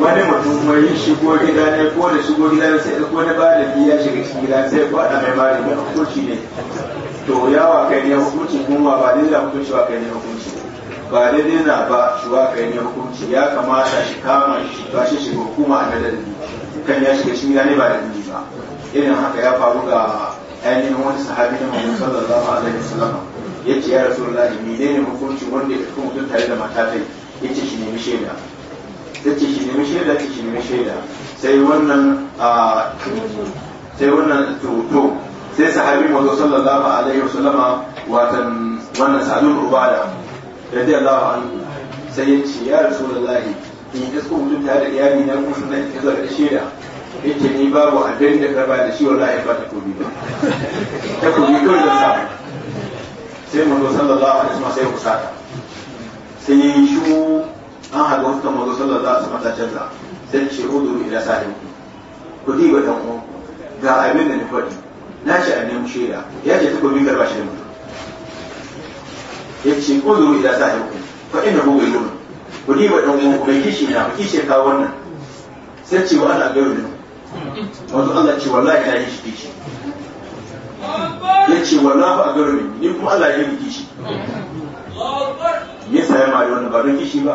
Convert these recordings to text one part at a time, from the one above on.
wani mutum kuma yin shigo gida ne ko da shigo gida ne sai ko na biya ya shiga cikin gida sai da mai malami da hukunci ne to wa kai ne hukunci kuma ba dai da hukunci ba kai ne hukunci ba dai dai na ba shi wa kai ne hukunci ya kamata shi kama shi ba shi shiga hukuma a ne kan ya shiga cikin gida ne ba da ni ba irin haka ya faru ga ainihin wani sahabi na Muhammad sallallahu alaihi wasallam yace ya rasulullahi ne hukunci wanda ya kuma mutum tare da matafai tai yace shi ne shaida ta ce shi nemi shaida ta shi nemi shaida sai wannan sai wannan to sai sahabi mazo sallallahu alaihi wasallama watan wannan rubada ubada radiyallahu anhu sai ya ce ya rasulullahi in isko mutum tare da iyali na kuma sannan ya zaga da shaida yake ni babu abin da karba da shi wallahi ba ta kobi ba ta kobi kawai da sa sai mazo sallallahu alaihi wasallama sai ya kusata sai ya yi shigo an haɗu wasu kan mazo sallallahu za su ta canza sai ce uduru ila yi ku di ba ɗan uku. ga abin da ni faɗi na ce a nemi shaida ya ce ta gobe garba shi mutu ya ce uduru yi sahib fa ku hu gayrun ku di ba dan uwan ku Mai kishi na kishi kawo wannan sai ce wa ana ne wato Allah ce wallahi na yi shi kishi ya ce wallahu a ne ni kuma Allah ya yi kishi me yasa ya yi wannan ba don kishi ba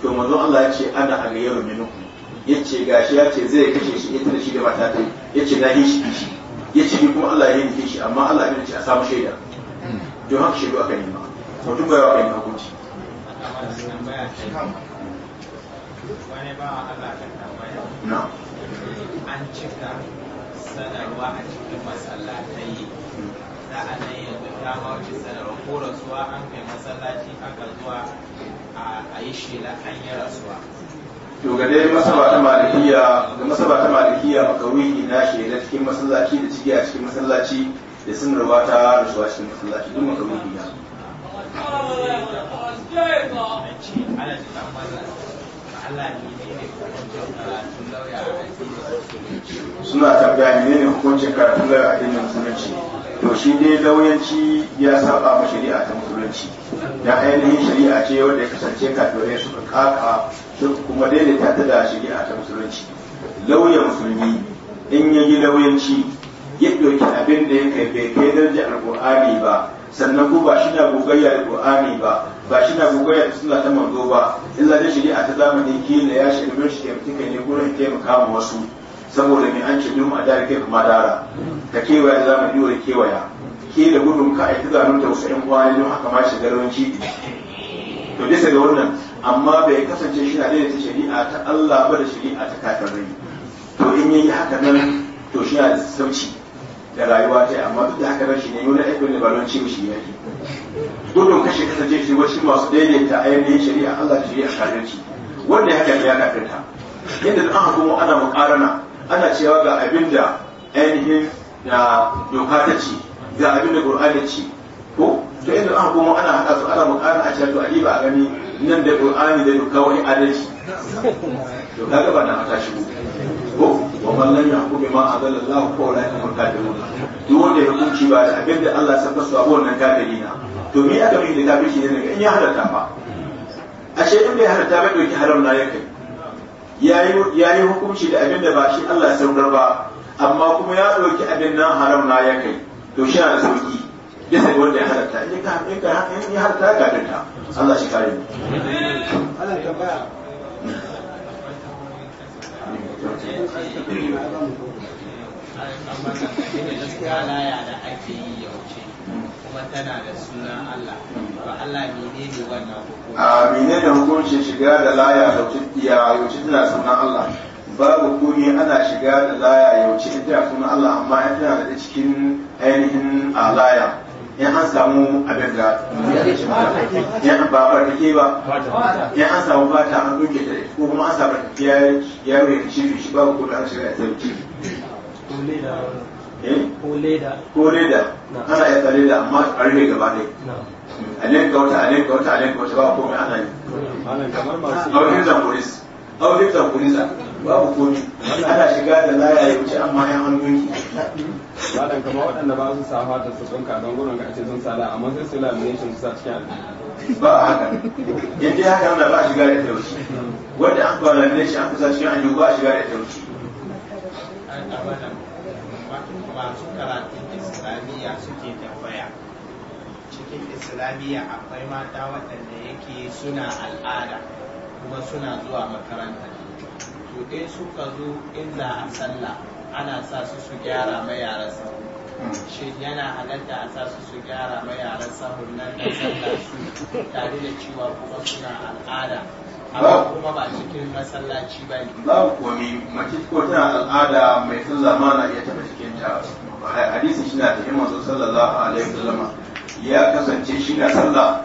to manzo Allah ya ce ana a agayyaru minu ce gashi ya ce zai kashe shi ita da shi da mata ta yace na yi shi kishi ya ce kuma Allah ya yi shi amma Allah ya ce a samu shaida don haka shaidu aka nema mutum bai wa kai hukunci wani ba Allah kan tambaya an cika sanarwa a cikin masallatai ta mawuce sanarwa ko rasuwa an kai masallaci aka zuwa a yi shela an yi rasuwa to ga dai masaba ta malikiya ga masaba ta malikiya makawi ina shela cikin masallaci da ciki a cikin masallaci da sanarwa ta rasuwa cikin masallaci duk makawi ina suna tambaya ne ne hukuncin karatun lauya a addinin musulunci to shi dai lauyanci ya saba ma shari'a ta musulunci da ainihin shari'a ce wanda ya kasance ka kafirai suka kaka kuma daidaita ta da shari'a ta musulunci lauyan musulmi in ya yi lauyanci ya ɗauki abin da ya kai bai kai darajar alƙur'ani ba sannan ko ba shi na gogayya da qurani ba ba shi na gogayya da suna ta manzo ba illa da shari'a ta zamanin kila ya shirme shi taimaki kan ne gurin taimaka wasu saboda mai an ce dum a dari kai kuma dara ka kewaya za mu biyo da kewaya ke da gudun ka aiki zanun tausayin kwanan don haka ma shiga ruwan cibi to bisa ga wannan amma bai kasance shi na ɗaya ta shari'a ta Allah ba da shari'a ta kafin rai. to in yi haka nan to shi na da sauci da rayuwa ta amma duk da haka nan shi ne wani aikin da ba don cibi shi yake gudun kashe kasance shi wasu masu daidaita ainihin shari'a Allah da shari'a kafirci wannan haka ya kafirta yadda an kuma ana muƙarana ana cewa ga abin da ainihin da doka ta ce ga abin da da ce ko to idan an kuma ana haɗa su ana buƙatar a cewa to ba a gani nan da qur'ani da doka wani adalci to kaga ba na haka shi ko wa man lam yahkum bima anzalallahu fa ulaika da kafirun duk wanda ya hukunci ba da abin da Allah ya saka su a wannan kafiri na to me aka mai da kafirci ne in ya halatta ba ashe in bai halatta ba ɗauki haram na yake ya yi hukunci da abin da ba shi Allah saukar ba amma kuma ya ɗauki abin nan haram na ya kai to shi na sauki bisa ga wanda ya halatta in ka in ka in ya halatta ga dinta Allah shi kare mu Allah ka ba gaskiya da ake yi yauce kuma tana da sunan Allah a menene hukunci shiga da laya yauci tana sunan Allah babu kuni ana shiga da laya yauci in tana sunan Allah amma in tana da cikin ainihin a laya in an samu abin da ya ba barkake ba in an samu bata an duke da ko kuma an samu ya ya wuce shi shi babu kuni ana shiga da yauci eh? ko leda ko leda ana ya tsare da amma a rufe gaba ne a linka wata a linka wata a linka wata ba komai ana yi aukin zamburis aukin ba babu komi ana shiga da laya ya wuce amma ya hannun ki malam kamar waɗanda ba su safa da su tsunka don gudun ga ce sun sada amma sai su lamination su sa cikin aljihu ba a haka yadda ya haka ba a shiga da taushi wanda an kwa shi an kusa cikin aljihu ba a shiga da taushi masu karatun islamiyya suke tambaya cikin islamiyya akwai mata waɗanda yake suna al'ada kuma suna zuwa makaranta to in suka zo in za a sallah ana sa su su gyara mayara sahu shin yana halatta a sa su su gyara mayara sahu nan da sallah su tare da cewa kuma suna al'ada amma kuma ba cikin masallaci ba ne. Ba komi mace ko tana al'ada mai sun zamana ya taɓa cikin ta. hadisi shi na yi masu sallallahu alaihi wasallam ya kasance shi na sallah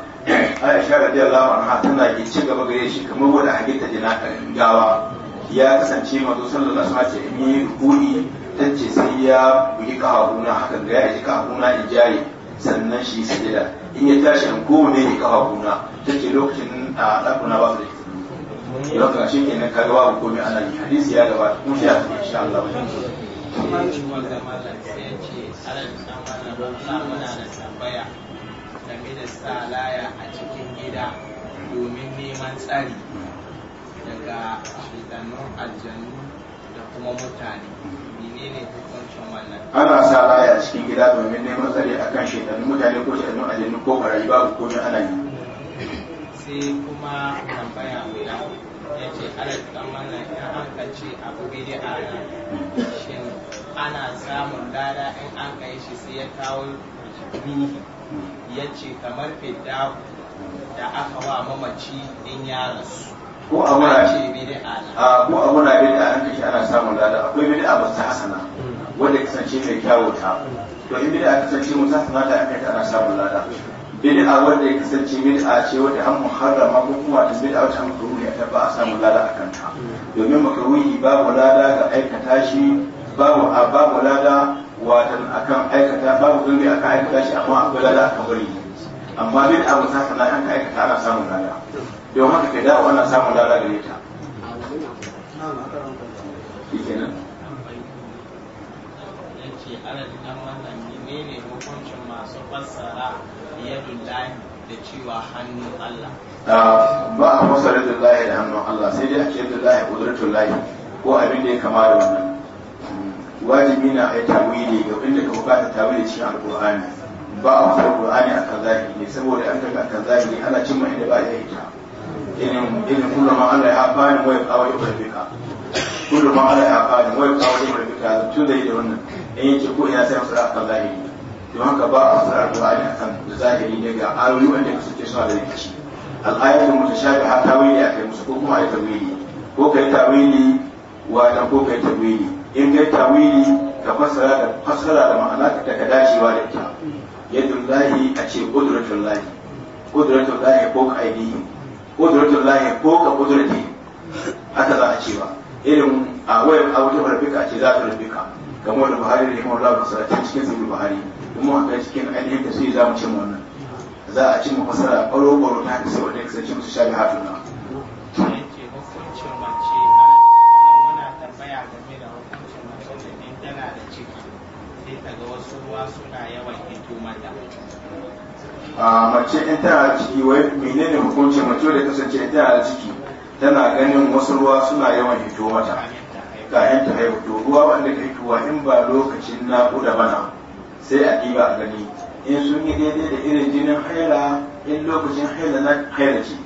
Aisha radiyallahu anha tana ke ci gaba gare shi kamar wanda hadita jina gawa ya kasance manzo sallallahu alaihi wasallam ce in yi rukuni tace sai ya buyi kahuna haka ga ya ji kahuna in jari sannan shi sujada in ya tashi an ko ne ya kahuna tace lokacin a dakuna ba su da yau ka shi kenan kaga babu komai ana yi hadisi ya gabata kuma shi a insha Allah wannan da ministalaya a cikin gida domin neman tsari daga shidanun aljannu da kuma mutane menene hukuncin wannan ana sa laya a cikin gida domin neman tsari akan shidanun mutane ko shidanun aljannu ko barayi babu komai ana yi sai kuma tambaya guda ya ce arzikin wannan ya hanka ce abu bidi a nan shin ana samun lada in an kai shi sai ya kawo ruhi ya ce kamar fidda da aka wa mamaci in ya rasu ko a wurare a ko a muna da an kashi ana samun lada akwai bid'a ba ta hasana wanda kasance mai kyawu ta to in bid'a kasance mun ta hasana da aka ana samun lada bid'a wanda ya kasance a ce wanda an muharrama ko kuma ta bid'a wata an kuruhi ta ba a samun lada a kanta. domin makaruhi babu lada ga aikata shi babu babu lada watan akan aikata babu zunubi akan aikata shi amma akwai lada akan bari amma bin abu sa kana kan aikata ana samun lada don haka ke dawo ana samun lada gare ta shi kenan yake ana dan wannan ne hukuncin masu fassara yadullahi da cewa hannun Allah ah, ba a da yadullahi da hannun Allah sai dai a ce yadullahi qudratullahi ko abin da ya kama da wannan wajibi na a yi tawili ga wanda ka bukata tawili cikin alkur'ani ba a fara alkur'ani a kan zahiri ne saboda an kaga a kan zahiri ana cin mai da ba ya ita irin kullum ma Allah ya haɓa ni wai kawai ya barbika kullum ma Allah ya haɓa ni wai kawai ya barbika tun da yi da wannan in yake ko ina sai masara a kan zahiri don haka ba a fara alkur'ani a kan zahiri daga ayoyi wanda suke suna da rikici al'ayatul mutashabiha tawili a kai musu ko kuma a yi tawili ko kai tawili wa ko kai tawili in kai tawili ka fassara da ma'ana ka daga dacewa da ita yadda lahi a ce kudratun lahi kudratun lahi ko ka ainihi kudratun lahi ko ka kudrati haka za a cewa irin a wayar a wata rafika ce za ta rafika kamar da buhari da kamar lafi sarrafa cikin zubin buhari kuma a kai cikin ainihin da su yi za mu ce wannan za a ci mu fassara ɓaro-ɓaro ta haka sai wanda ya kasance musu shafi hatuna wasu ruwa suna yawan hito mata a mace in tana ciki wai menene hukuncin mace da kasance in tana ciki tana ganin wasu ruwa suna yawan hito mata kayan ta haihu to ruwa wanda ke hitowa in ba lokacin naƙuda bana sai a ɗiba a gani in sun yi daidai da irin jinin haila in lokacin haila na haila ce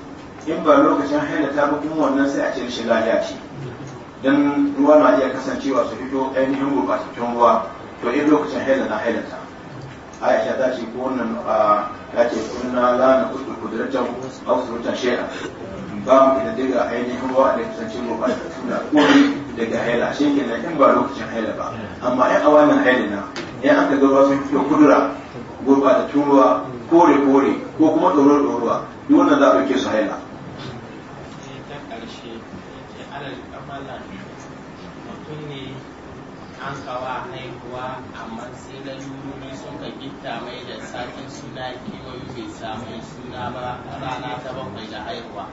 in ba lokacin haila ta kuma wannan sai a ce shi lafiya ce don ruwa na iya kasancewa su fito ainihin gurɓatattun ruwa to in lokacin haila na ta aisha ta ce ko wannan ta ce kunna la na kudu kudratan aw surutan shay'a ba mu da daga ainihin ruwa da kusanci mu ba da tuna kuri daga haila shi ke nan in ba lokacin haila ba amma ai a wannan haila na in aka ga ruwa sun fito kudura da turuwa kore kore ko kuma tsoro ruwa yi wannan za a ɗauke su haila mutum ne an kawa haihuwa amma sai na jurumi sun ka gitta mai da sakin suna kiwon bai samu suna ba rana ta bakwai da haihuwa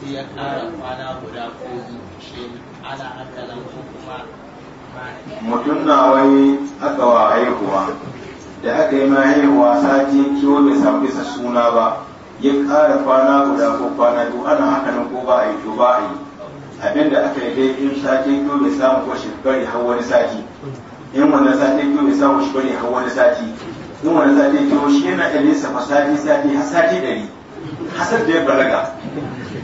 sai ya ƙara kwana guda ko shi ana hankalin ko kuma mutum na wai aka wa haihuwa da aka yi ma haihuwa sati kiwo bai samu bisa suna ba ya ƙara kwana guda ko kwana biyu ana hankalin ko ba a yi to ba a yi abinda aka yi dai in sati biyu bai samu ko shi bari har wani sati in wannan sati biyu bai samu shi bari har wani sati in wannan sati biyu shi yana da nisa fa sati sati har sati ɗari hasar da ya balaga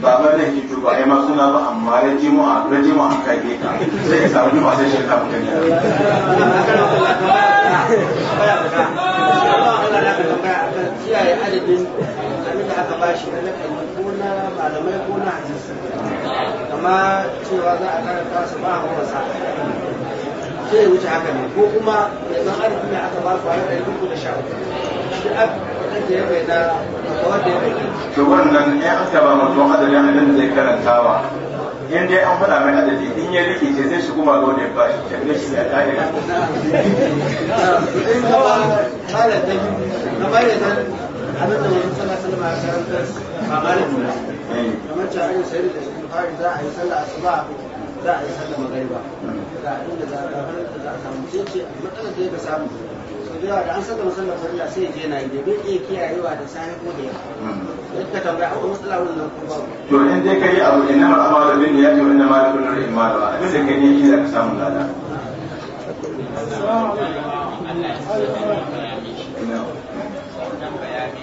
ba ba da yake tuba ai ma suna ba amma da jimu'a ji mu an kai ka sai ya samu jimu'a sai shi ka ya kama cewa za a karanta su ba a hawansa sai ya wuce haka ne ko kuma ya zan arziki ne aka ba su wani ɗari uku da sha uku shi a kake ya bai na kawar da ya bai to wannan ya aka ba mutum adadin abin da zai karantawa in dai an faɗa mai adadi in ya rikice sai shi kuma zo da ya shi kyanne shi ya kare na in ka ba malam da yi na bayan nan abin da wani sallah sallama a karantar ba malam ne kamar ta hanyar sayar da shi fari za a da sallah asuba za a yi sallah magariba ga inda a a da ya sau da da an sallah masallar farilla sai je na yi bai iya kiyayewa da safe ko da yamma ka tambaya akwai matsala wurin nan ko to in dai kai abu inna ma amalu bin ya ce inna ma kullu ri'in ma da abin da kai ne shi ka samu lada Allah ya tsare mu da bayani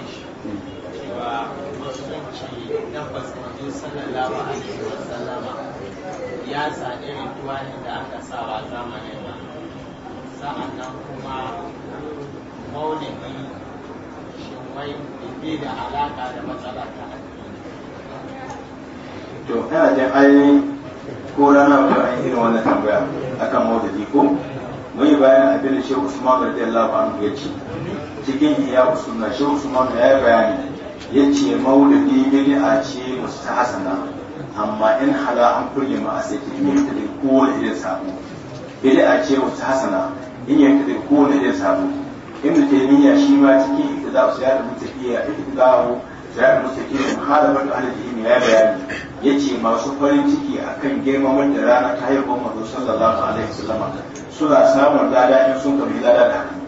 cewa musulunci na fasmanzu sallallahu alaihi wa sallama ya sa irin tuwanin da aka sa wa zamanin ba sa'an nan kuma maulidi shi wai bi da alaka da matsala ta to ina jin ai ko rana ko an irin wannan tambaya akan maulidi ko mun yi bayan abin da shehu usman radiyallahu anhu ya ci cikin iya usunna shehu usman ya yi bayani ya ce maulidi bid'a ce musta hasana amma in hala an kulle ma a sai in yanka da kowane irin sabo bid'a ce musta hasana in yanka da kowane irin sabo da taymiya shi ma da iktida su yada mutu iya iktidawo ya rubuta iya da ahli ilmi ya bayani yace masu farin ciki akan girmamar da rana ta haihuwar Gwamnati sallallahu alaihi wasallam suna samun lada in sun kabi lada da hannu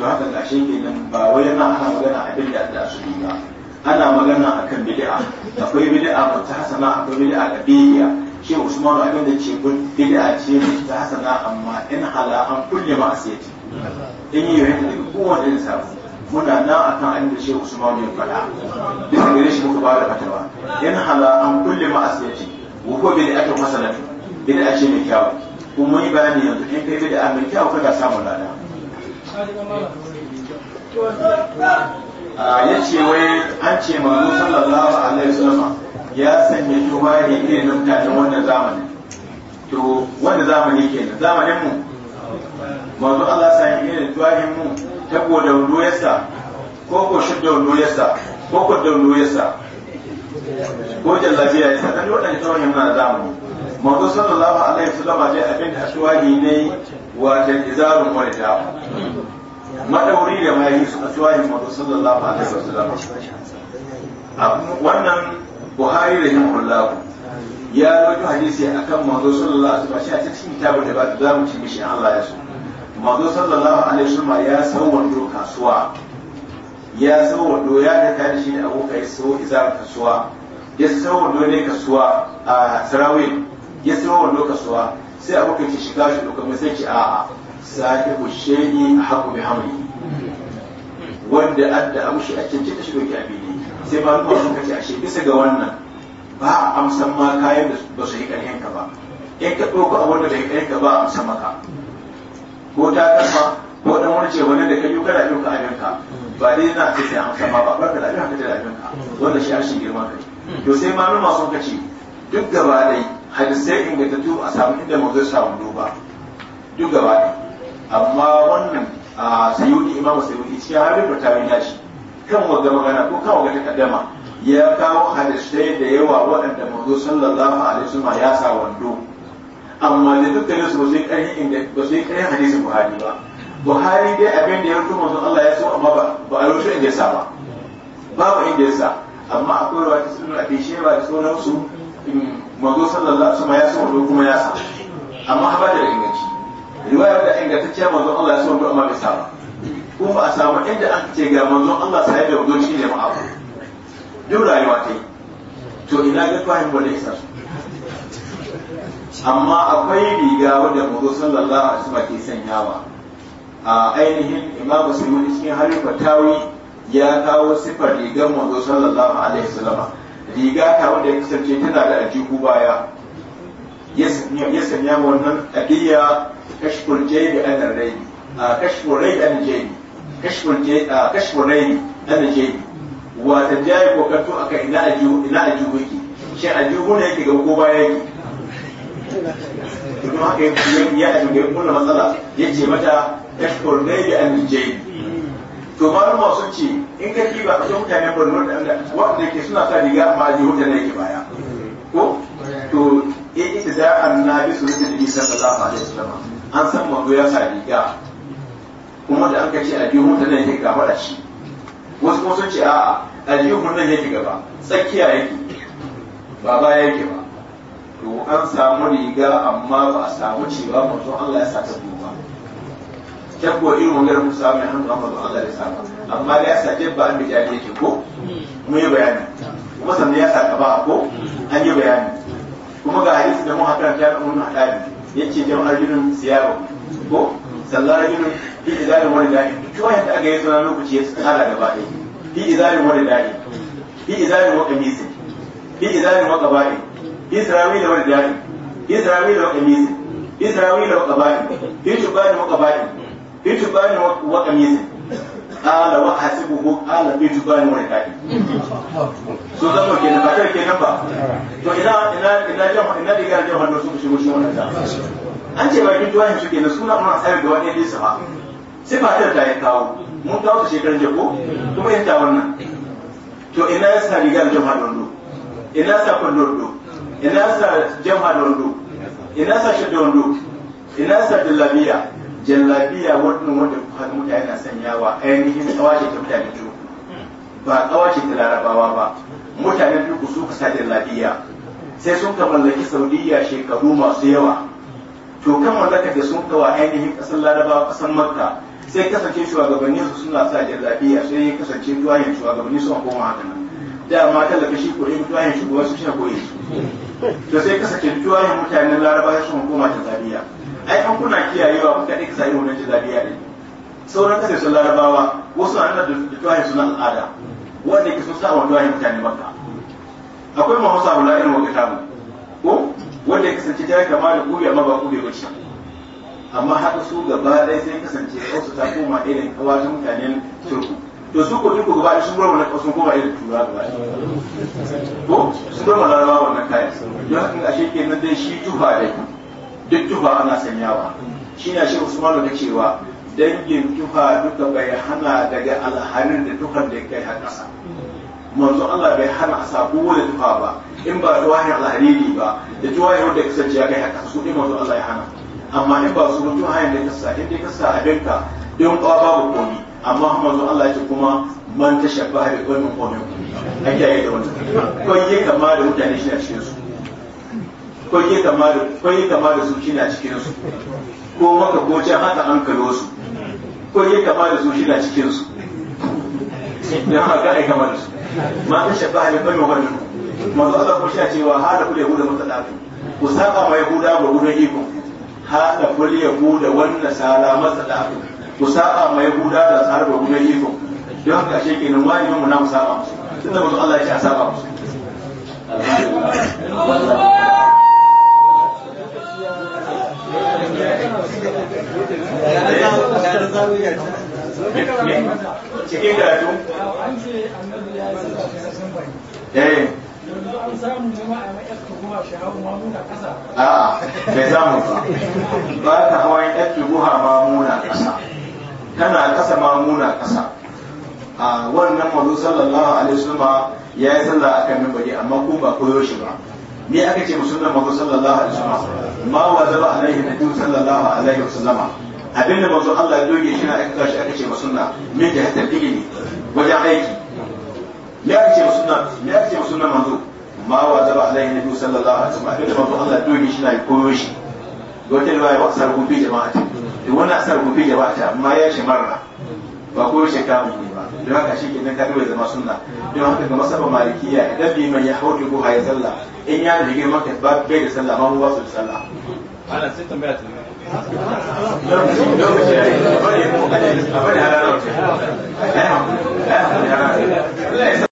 to haka gashe kenan ba wai yana ana magana abin da da su ba ana magana akan bid'a akwai bid'a ko ta hasana akwai bid'a biyayya shi Usman abin da ce bid'a ce ta hasana amma in hala an kulle ma asiyati in yi yayin da kowanne irin sabu muna nan akan abin da shi Usman ya faɗa bisa gare shi muka ba da fatawa in hala an kulle ma asiyati wa bid'a ta masalatu bid'a ce mai kyawu kuma yi bayani yanzu in kai bid'a mai kyawu kaga samu lada ya ce wai an ce manzo sallallahu alaihi wasallam ya sanya tuba ne irin na mutanen wannan zamani to wanda zamani kenan zamanin mu manzo Allah sai ne tuwahin mu tabo da wudu ko ko shidda wudu ko ko da wudu yasa ko jallabiya yasa dan wadannan tuwahin na zamani manzo sallallahu alaihi wasallam a abin da tuwahi ne wata izarun warda madauri da mai su aswahin muhammad sallallahu alaihi wasallam wannan buhari da himullahu ya rawaito hadisi akan manzo sallallahu alaihi wasallam shi a cikin kitabun da ba za mu ci mishi Allah ya so manzo sallallahu alaihi wasallam ya wando kasuwa ya wando ya da tare shi da abokai so izarun kasuwa ya wando ne kasuwa a sarawin ya wando kasuwa sai abu ce shiga shi ɗauka mai sai a a'a sahibu ni a haku mai hamli wanda da amshi a cikin ta shigo ki abili sai ba ruwa sun kace a shi, bisa ga wannan ba a amsan ma kayan da ba su yi ƙarfin ka ba in ka ɗauka a wanda ya ƙarhin ka ba a amsan maka ko ta ƙarfa, ko ɗan wani ce wani da ka yi kana ɗauka abin ka ba dai yana ta sai amsan ma ba ɓarka da abin ka da abin ka wanda shi shi girma kai to sai malama sun kace duk gaba dai hadisai ingantattu a samu inda zai samu duba duk gaba ne amma wannan a sayudi imam sayudi shi har da ya shi kan wagga magana ko kan wagga takaddama ya kawo hadisai da yawa waɗanda manzo sallallahu alaihi wasallam ya sa wando amma da dukkanin su ba su yi ƙarfin hadisin buhari ba buhari dai abin da ya rubuta manzo Allah ya so amma ba a rubuta inda ya sa ba babu inda ya sa amma akwai rawatin sunan abi shewa da sauransu manzo sallallahu alaihi wasallam ya so wando kuma ya sa amma haba da inganci riwaya da ingantacciya manzo Allah ya so wando amma bai sa ba ko ba a samu inda an ce ga manzo Allah sai da wando shine abu duk rayuwa ta yi to ina ga fahim wanda isa amma akwai riga wanda manzo sallallahu alaihi wasallam ke sanyawa a ainihin imam muslim cikin harifar tawi ya kawo sifar rigar manzo sallallahu alaihi wasallam riga ta wanda ya kasance tana da aljihu baya ya sanya wannan adiyya kashfur da an rai a ah, kashfur rai an jaybi kashfur a ah, kashfur rai an jaybi wa ta ko kokanto aka ina aljihu ina aljihu yake shi aljihu ne yake ga ko baya yake kuma haka ya abin da ya matsala yace mata kashfur rai an jai. to malama sun ce in ka kiba ka mutane borno da wanda ke suna sa riga amma ji hujja ne ke baya ko to ya ita da annabi su rike jini sallallahu alaihi wasallam an san manzo ya sa riga kuma da an ka ce ji hoton nan ke gaba da shi wasu kuma sun ce a'a hoton nan ke gaba tsakiya yake ba baya yake ba to an samu riga amma ba a samu cewa manzo Allah ya sa ta jabbo irin wangar musa mai hannu amma ba Allah ya sama amma da ya sa jabba an bija ne ke ko mu yi bayani kuma sannan ya sa kaba ko an yi bayani kuma ga hadisi da mu hakan ta haɗari ya ce jama'ar jinin siyaro ko sallar jinin bi izarin wani dari duk yadda aka yi sunan lokaci ya tsara gaba ɗaya bi izarin wani dari bi izarin wa kamisi bi izarin wa qaba'i da wani da isra'ila wa kamisi da wa qaba'i bi shubani wa kabari. itibani wa qamisin ala wa hasibuhu qala itibani wa rikabi so da mu kenan ba kai kenan ba to ina ina ina jama'a ina diga jama'a da su shigo shi wannan ta an ce bakin tuwahin su kenan suna kuma tsayar da wani ne sa sai fatar ta ya kawo mun kawo su shekarar jago kuma yin ta wannan to ina ya sa rigar jama'a dondo ina sa kwallo ina sa jama'a dondo ina sa shadda wando ina sa dillabiya jallabiya wannan wanda kuka ga mutane na sanyawa ainihin tsawace ta mutane biyu ba tsawace ta larabawa ba mutane biyu su ka sa jallabiya sai sun ka mallaki saudiya shekaru masu yawa to kan mallaka da sun kawa ainihin kasar larabawa kasar makka sai kasance shugabanni su suna sa jallabiya sai ya kasance duwayen shugabanni su koma haka nan dama talaka shi ko in tuwayen shugaban su shi koyi to sai kasance duwayen mutanen larabawa sun koma jallabiya ai an kuna kiyayewa kuka ɗaya kasa irin wannan jilaliya ne sauran kasar sun larabawa wasu an nan da tuwahin suna al'ada wanda ke sun sa wa tuwahin mutane maka akwai mahausa wula irin wani tamu ko wanda ya kasance ta kama da kubi amma ba kubi wacce amma haka su gaba ɗaya sai kasance wasu ta koma irin kawa ta mutanen turku to su ko turku gaba ɗaya sun gurma na sun koma irin tura gaba ko sun gurma larabawa wannan kayan don haka ashe nan dai shi jufa dai duk tufa ana sanyawa shi na shi usman da cewa dangin tufa duka bai hana daga alharin da tufan da kai har ƙasa manzo Allah bai hana a sabu da tufa ba in ba wahayar alhariri ba da tuwahin da kasance ya kai har ƙasa su ne manzo Allah ya hana amma in ba su tuwahin da kasa in dai kasa abinka don kwa babu komi amma manzo Allah ya ce kuma man tashabbaha bi qaumin qaumin ake yi da wani kai kama da mutane shi a cikin su kwaye kama da su shi a cikinsu. ko maka ko can haka an kalo su kwaye kama da su shi a cikinsu. su haka ai kama da su ma ta shabba ne ban wani manzo Allah ko shi cewa hada hudu mata mutalafi ku saba mai yahuda ba hudu iko hada kul yahuda wan nasara mutalafi ku saba mai yahuda da sahar ba hudu iko don haka shi nan wani mu na mu saba musu tunda manzo Allah ya saba musu cikin gado eh bai samu ba ba ta hawan yadda ruha mamuna ƙasa tana ƙasa mamuna ƙasa a wannan mazu sallallahu alaihi wasallam ya yi sallah a akan mimbari amma ko ba koyo shi ba me aka ce musulman manzo sallallahu alaihi wasallam ma wajaba alaihi nabi sallallahu alaihi wasallam abinda manzo Allah ya doge shi na aka kashi aka ce musulma me da hatta ne wajen aiki me aka ce musulma me aka ce musulma manzo ma wajaba alaihi nabi sallallahu alaihi wasallam abinda manzo Allah ya doge shi na koyo shi wata riwaya wa asar ku fi jama'ati to wannan asar fi jama'ati amma ya shi marra ba ko shi kamun don haka shi kenan ka kawai zama sunna don haka ga masaba malikiya idan bi mai ya hauke ko haye sallah in ya rige maka ba bai da sallah ma ba su sallah ana sai tambaya ta ya yi a